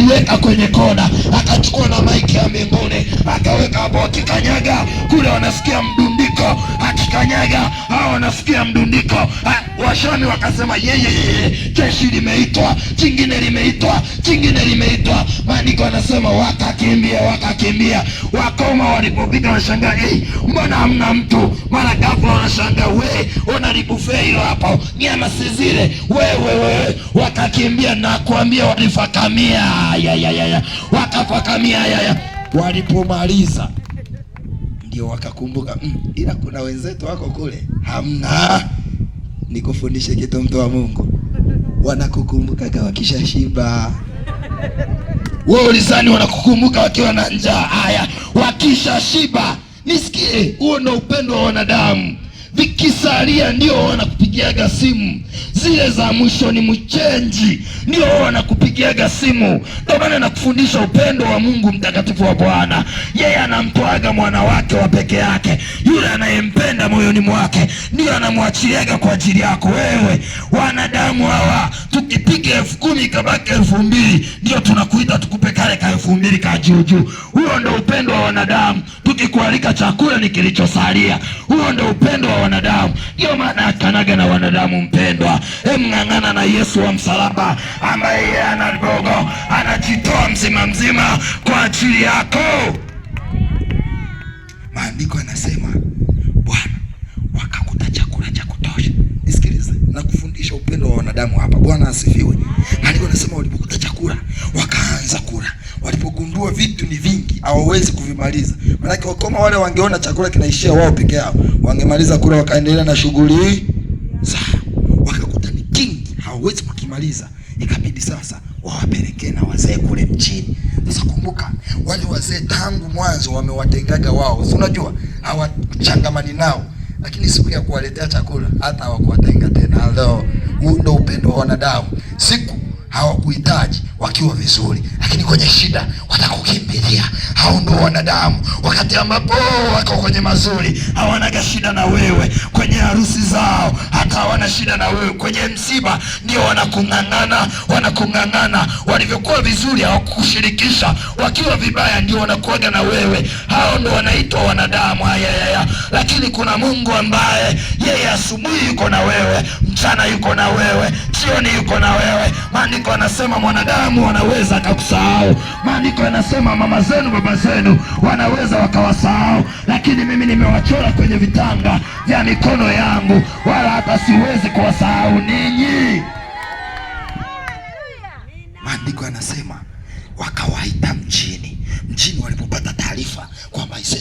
aliweka kwenye kona, akachukua na maiki ya mbinguni akaweka hapo, akikanyaga kule wanasikia mdundiko, akikanyaga hao wanasikia mdundiko. Washani wakasema yeyeye, jeshi limeitwa, chingine limeitwa, chingine limeitwa. Maandiko anasema wakakimbia, wakakimbia. Wakoma walipopiga washangaa, hey, mbona hamna mtu? Mara ghafla wewe hilo hapo, nyama si zile, wewe wewe. Wakakimbia na kuambia walifakamia, wakafakamia Walipomaliza ndio wakakumbuka mm, ila kuna wenzetu wako kule, hamna. Nikufundishe kitu, mtu wa Mungu, wanakukumbukaga wakishashiba wewe ulizani wanakukumbuka wakiwa na njaa. Haya, wakisha shiba, nisikie, huo ndio upendo wa wanadamu vikisalia ndio wanakupigiaga simu, zile za mwisho ni mchenji, ndio wanakupigiaga simu. Ndio maana nakufundisha upendo wa Mungu mtakatifu wa Bwana. Yeye anamtwaga mwana wake wa peke yake, yule anayempenda moyoni mwake, ndio anamwachiliaga kwa ajili yako wewe. Wanadamu hawa, tukipiga elfu kumi ikabaki elfu mbili ndio tunakuita tukupe kale ka elfu mbili ka juujuu. ndo upendo wa wanadamu ukikualika chakula ni kilichosalia. Huo ndo upendo wa wanadamu, ndio maana akanaga na wanadamu. Mpendwa, emng'ang'ana na Yesu wa msalaba, ambaye yeye ana dogo anajitoa mzima mzima kwa ajili yako. Maandiko yanasema Bwana wakakuta chakula cha kutosha. Nisikilize, nakufundisha upendo wa wanadamu hapa. Bwana asifiwe. Maandiko yanasema kuambiwa vitu ni vingi, hawawezi kuvimaliza. Maanake wakoma wale wangeona chakula kinaishia wao peke yao, wangemaliza kula wakaendelea na shughuli sawa. Wakakuta ni kingi, hawawezi kukimaliza, ikabidi sasa wawapelekee na wazee kule mchini. Sasa kumbuka, wale wazee tangu mwanzo wamewatengaga wao, si unajua hawachangamani nao, lakini siku ya kuwaletea chakula hata hawakuwatenga tena. Ndo upendo wa wanadamu siku hawakuhitaji wakiwa vizuri, lakini kwenye shida watakukimbilia. Hao ndo wanadamu. Wakati ambapo wako kwenye mazuri hawanaga shida na wewe, kwenye harusi zao hata hawana shida na wewe, kwenye msiba ndio wanakung'ang'ana, wanakung'ang'ana. Walivyokuwa vizuri hawakushirikisha, wakiwa vibaya ndio wanakuaga na wewe. Hao ndo wanaitwa wanadamu. Ayayaya lakini kuna Mungu ambaye yeye asubuhi yuko na wewe, mchana yuko na wewe, jioni yuko na wewe. Maandiko anasema mwanadamu wanaweza akakusahau. Maandiko anasema mama zenu, baba zenu wanaweza wakawasahau, lakini mimi nimewachora kwenye vitanga vya mikono yangu, wala hata siwezi kuwasahau ninyi. Maandiko anasema wakawaita mjini, mjini walipopata taarifa kwamba